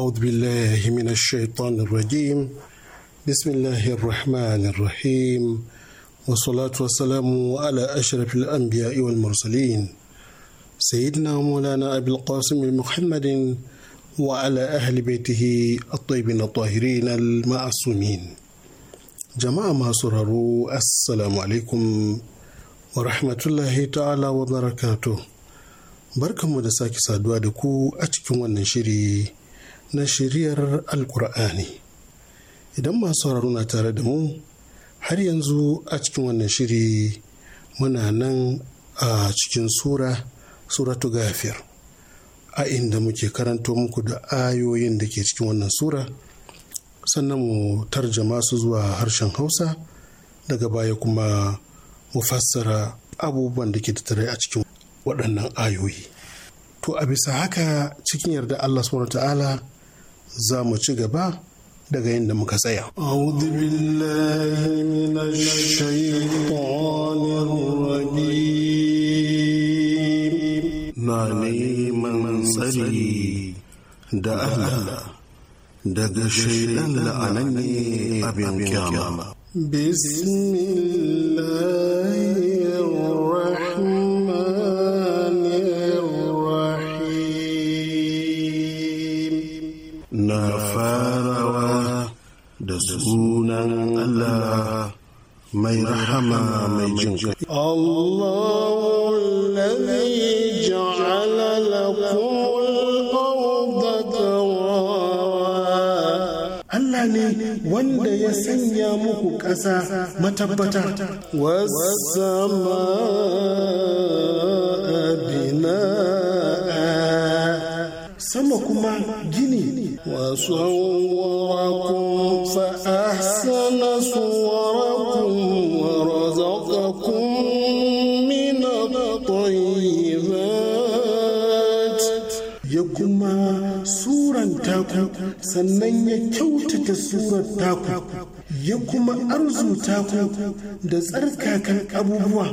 أعوذ بالله من الشيطان الرجيم بسم الله الرحمن الرحيم والصلاة والسلام على أشرف الأنبياء والمرسلين سيدنا مولانا أبي القاسم محمد وعلى أهل بيته الطيبين الطاهرين المعصومين جماعة ما سرروا السلام عليكم ورحمة الله تعالى وبركاته بركة da sake saduwa da ku a na shiriyar alkur'ani idan masu sauraro na tare da mu har yanzu a cikin wannan shiri muna nan a cikin sura suratu gafir a inda muke karanto muku da ayoyin da ke cikin wannan sura sannan mu tarjama su zuwa harshen hausa daga baya kuma mu fassara abubuwan da ke tattare a cikin waɗannan ayoyi to a bisa haka cikin yarda allah subhanahu ta'ala za mu ci gaba daga yadda muka tsaya. Na neman tsari da Allah daga shaidan la'anan ne abin kyama. Bismillah. mai rahama mai jin Allah ne wanda ya sanya muku ƙasa matabbata. Wasama abina sama kuma gini. Wasu wa'akun fa'a sannan ya kyautata surar taku ya kuma arzuta ku da tsarkakan abubuwa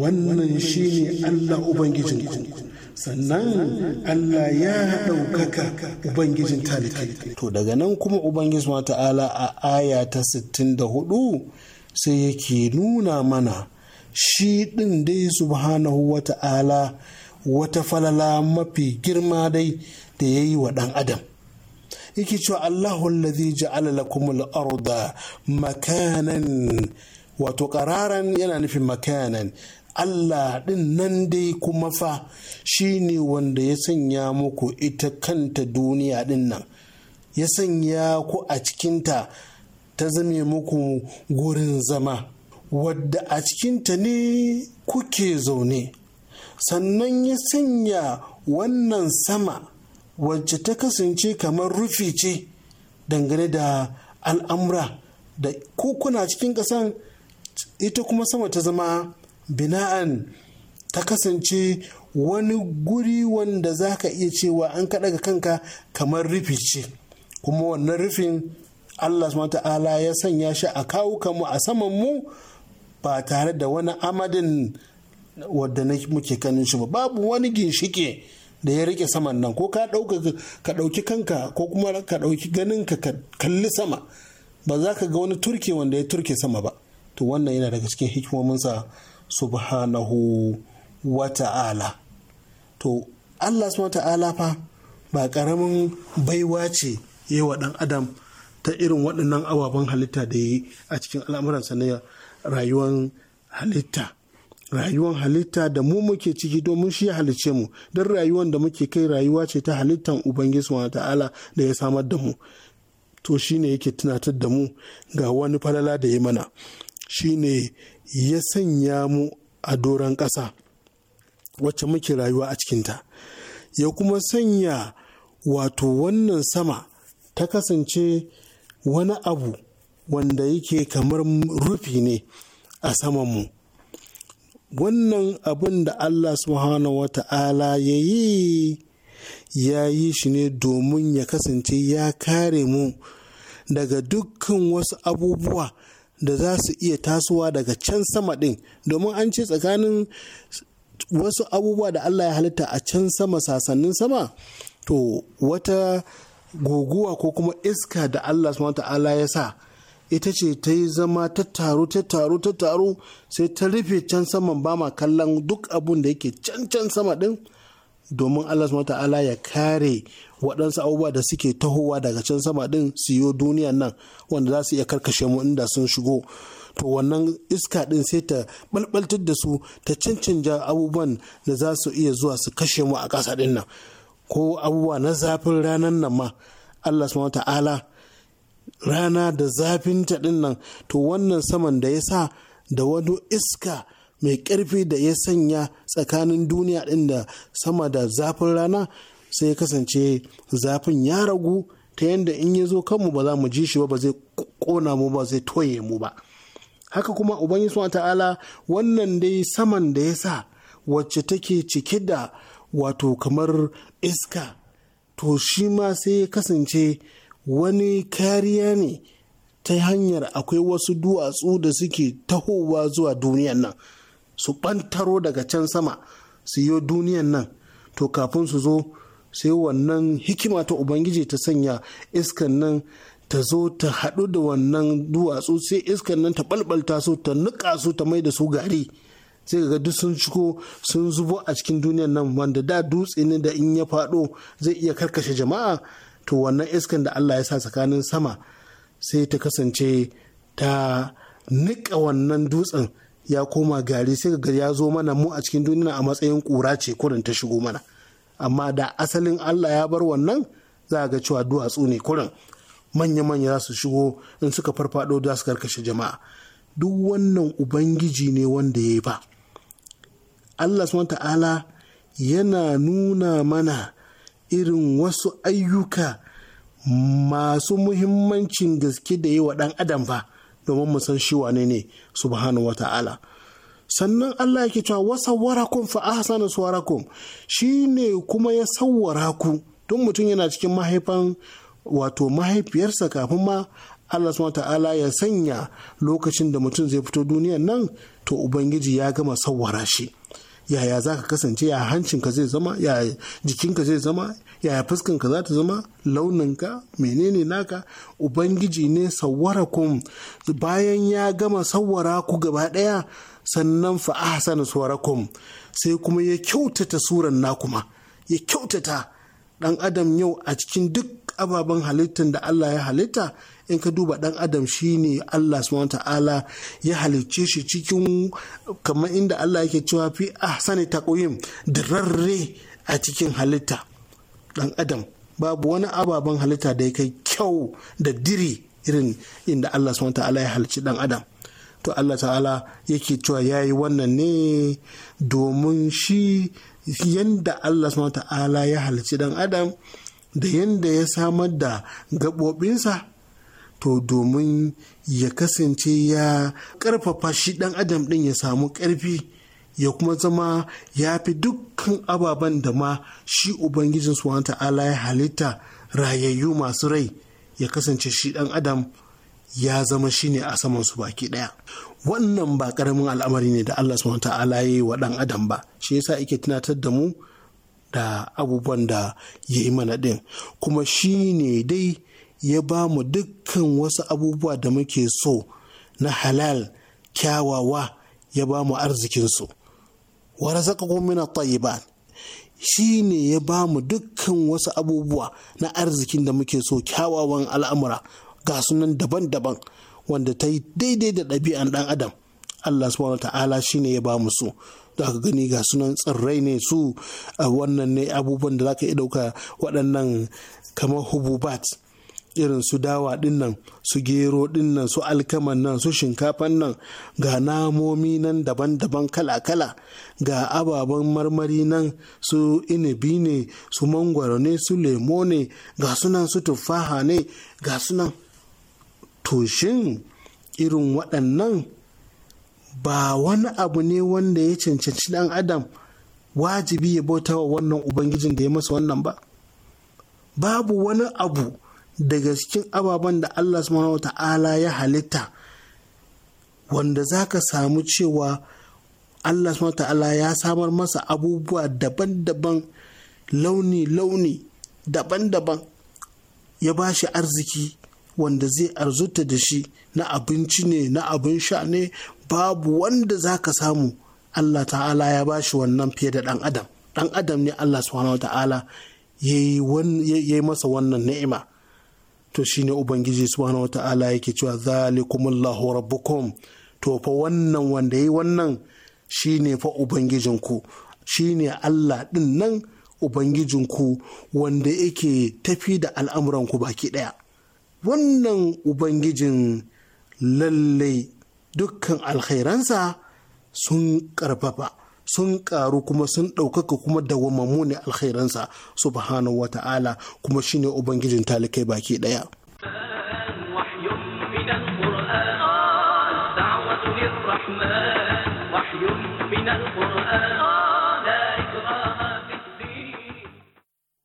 wannan shi ne Allah Ubangijinku sannan Allah ya ɗaukaka Ubangijin talikai. To daga nan kuma Ubangiji wa ta'ala a aya ta 64 sai yake nuna mana shi ɗin dai subhanahu wa ta'ala wata falala mafi girma dai da ya yi wa ɗan adam. yake cewa Allahu allazi ja'ala lakum al-arda makanan wato ƙararan yana nufin makanan Allah ɗin nan dai kuma fa shi ne wanda ya sanya muku ita kanta duniya ɗin nan ya sanya ku a cikinta ta zame muku gurin zama wadda a cikinta ne kuke zaune sannan ya sanya wannan sama wacce ta kasance kamar rufi ce dangane da al'amura da kuna cikin ƙasan ita kuma sama ta zama bina'an ta kasance wani guri wanda za ka iya cewa an kaɗa ga kanka kamar rufi ce kuma wannan rufin allah ta'ala ya sanya shi a kawo kawukanmu a saman mu ba tare da wani amadin wadda muke kanin shi ba babu wani ginshike da ya rike saman nan ko ka ɗauki kanka ko kuma ka ɗauki ganin ka kalli sama ba za ka ga wani turke wanda ya turke sama ba to wannan yana daga cikin hikimominsa subhanahu wa ta'ala to allah subhanahu ta'ala fa ba ƙaramin baiwa ce yi wa ɗan adam ta irin waɗannan ababen halitta da yi a cikin al'amuran na rayuwar halitta rayuwar halitta da mu muke ciki domin shi ya halicce mu don rayuwar da muke kai rayuwa ce ta halittan ubangiji wa ta'ala da ya samar da mu to shine yake tunatar da mu ga wani falala da ya mana shine ya sanya mu a doron ƙasa wacce muke rayuwa a cikinta ya kuma sanya wato wannan sama ta kasance wani abu wanda yake kamar rufi ne a samanmu wannan abin da allah subhanahu wa ta'ala ya yi ya yi shi ne domin ya kasance ya kare mu daga dukkan wasu abubuwa da za su iya tasowa daga can sama ɗin domin an ce tsakanin wasu abubuwa da Allah ya halitta a can sama sasannin sama to wata guguwa ko kuma iska da Allah subhanahu ta'ala ya sa ita ce ta yi zama ta taru ta taru ta taru sai ta rufe can saman ba ma kallon duk abun da yake can can sama ɗin domin Allah subhanahu ta'ala ya kare waɗansu abubuwa da suke tahowa daga can sama ɗin siyo duniyan nan wanda za su iya karkashe mu inda sun shigo to wannan iska ɗin sai ta ɓalɓaltar da su ta cancanja abubuwan da za su iya zuwa su kashe mu a ƙasa ɗin nan ko abubuwa na zafin ranar nan ma Allah subhanahu ta'ala rana da zafinta ɗin nan to wannan saman da ya sa da wani iska mai ƙarfi da ya sanya tsakanin duniya ɗin da sama da zafin rana sai ya kasance zafin ya ragu ta yadda in ya zo kanmu ba za mu ji shi ba ba zai ƙona mu ba zai toye mu ba haka kuma ubangiji subhanahu ta'ala wannan dai saman da ya sa wacce take cike da wato kamar iska to shi ma sai ya kasance wani kariya ne ta hanyar akwai wasu duwatsu da suke tahowa zuwa duniyan nan su ɓantaro daga can sama su yi duniyan nan to kafin su zo sai wannan hikima ta ubangiji ta sanya iskan nan ta zo ta haɗu da wannan duwatsu sai iskan nan ta ɓalɓalta su ta niƙa su ta mai da su gari sai ga duk sun ciko sun zubo a cikin duniyan nan wanda da dutse ne da in ya faɗo zai iya karkashe jama'a to wannan iskan da Allah ya sa tsakanin sama sai ta kasance ta niƙa wannan dutsen ya koma gari sai ga ya zo mana mu a cikin duniya a matsayin ƙura ce kurin ta shigo mana amma da asalin Allah ya bar wannan za ga cewa duwatsu ne kurin manya-manya za su shigo in suka farfado za su karkashe jama'a duk wannan ubangiji ne wanda ya yi ba Allah su ta'ala yana nuna mana irin wasu ayyuka masu muhimmancin gaske da yi wa ɗan adam ba domin mu san shi wane ne subhanahu ta'ala sannan Allah yake cewa wasawwarakum fa ahsana suwarakum shine kuma ya sawwara ku don mutum yana cikin mahaifan wato mahaifiyarsa kafin ma Allah subhanahu ta'ala ya sanya lokacin da mutum zai fito duniyan nan to ubangiji ya gama sawwara shi yaya zaka kasance ya hancinka zai zama ya jikinka zai zama yaya fuskanka za ta zama launinka menene naka ubangiji ne sawwara kun bayan ya gama sawwara ku gaba ɗaya sannan fa ahsana suwarakum sai kuma ya kyautata suran nakuma ya kyautata dan adam yau a cikin duk ababen halittar da Allah ya halitta in ka duba dan adam shine Allah subhanahu ta'ala ya halicce shi cikin kamar inda Allah yake cewa fi ahsani taqwim dirarre a cikin halitta Ɗan adam babu wani ababen halitta da ya kai kyau da diri irin inda Allah subhanahu ta'ala ya halci dan adam to Allah ta'ala yake cewa yayi wannan ne domin shi yanda Allah subhanahu ta'ala ya halci ɗan adam da yanda ya samar da gaɓoɓinsa to domin ya kasance ya ƙarfafa shi ɗan adam ɗin ya samu ƙarfi ya kuma zama ya fi dukkan ababen da ma shi ubangijin suwan ta'ala ya halitta rayayyu masu rai ya kasance shi dan adam ya zama shi ne a saman su baki daya wannan ba ƙaramin al'amari ne da Allah suwan ta'ala ya yi wa dan adam ba shi yasa ike tunatar da mu da abubuwan da ya yi mana din kuma shi ne dai ya ba mu dukkan wasu abubuwa da muke so na halal kyawawa ya ba mu arzikinsu wa razaqahum min at-tayyibat shi ne ya ba mu dukkan wasu abubuwa na arzikin da muke so kyawawan al'amura ga sunan daban-daban wanda ta yi daidai da ɗabi'an ɗan adam Allah subhanahu wa ta'ala shi ne ya ba mu su da aka gani ga sunan tsirrai ne su a wannan ne abubuwan da za ka iya ɗauka waɗannan kamar hububat irin su dawa dinnan su gero dinnan su alkaman nan su shinkafan nan ga namomi nan daban-daban kala-kala ga ababen marmari nan su inibi ne su mangwaro ne su lemo ne ga sunan su tuffaha ne ga sunan toshin irin waɗannan ba wani abu ne wanda ya cancanci ɗan adam wajibi ya bauta wa wannan ubangijin da ya masa wannan ba babu wani abu daga cikin ababen da Allah subhanahu ta'ala ya halitta wanda za ka samu cewa Allah subhanahu ta'ala ya samar masa abubuwa daban-daban launi-launi daban-daban ya ba shi arziki wanda zai arzuta da shi na abinci ne na abin sha ne babu wanda za ka samu Allah ta'ala ya ba shi wannan fiye da ɗan adam ɗan adam ne Allah subhanahu ta'ala ya yi masa wannan ni'ima to shine ubangiji subhanahu wata'ala yake cewa zalikumullahu rabbukum to fa wannan wanda yi wannan shine fa ubangijinku shine Allah din nan ubangijinku wanda yake tafi da al'amuranku baki ɗaya wannan ubangijin lallai dukkan alkhairansa sun karfafa. sun karu kuma sun ɗaukaka kuma dawwamammu ne alkhairansa subhanahu wa ta'ala kuma shine ubangijin talikai baki ɗaya.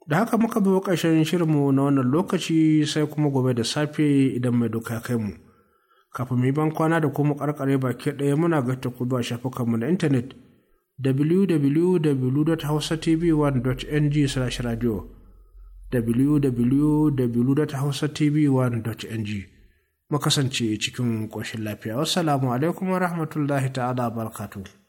da haka muka bi ƙarshen shirinmu na wannan lokaci sai kuma gobe da safe idan mai doka kai mu kafin mu yi ban kwana da kuma karkare baki ɗaya muna ga ku ba shafukanmu na intanet www.hausatv1.ng/radio www.hausatv1.ng mu kasance cikin ƙoshin lafiya wassalamu alaikum wa rahmatullahi ta'ala barakatuh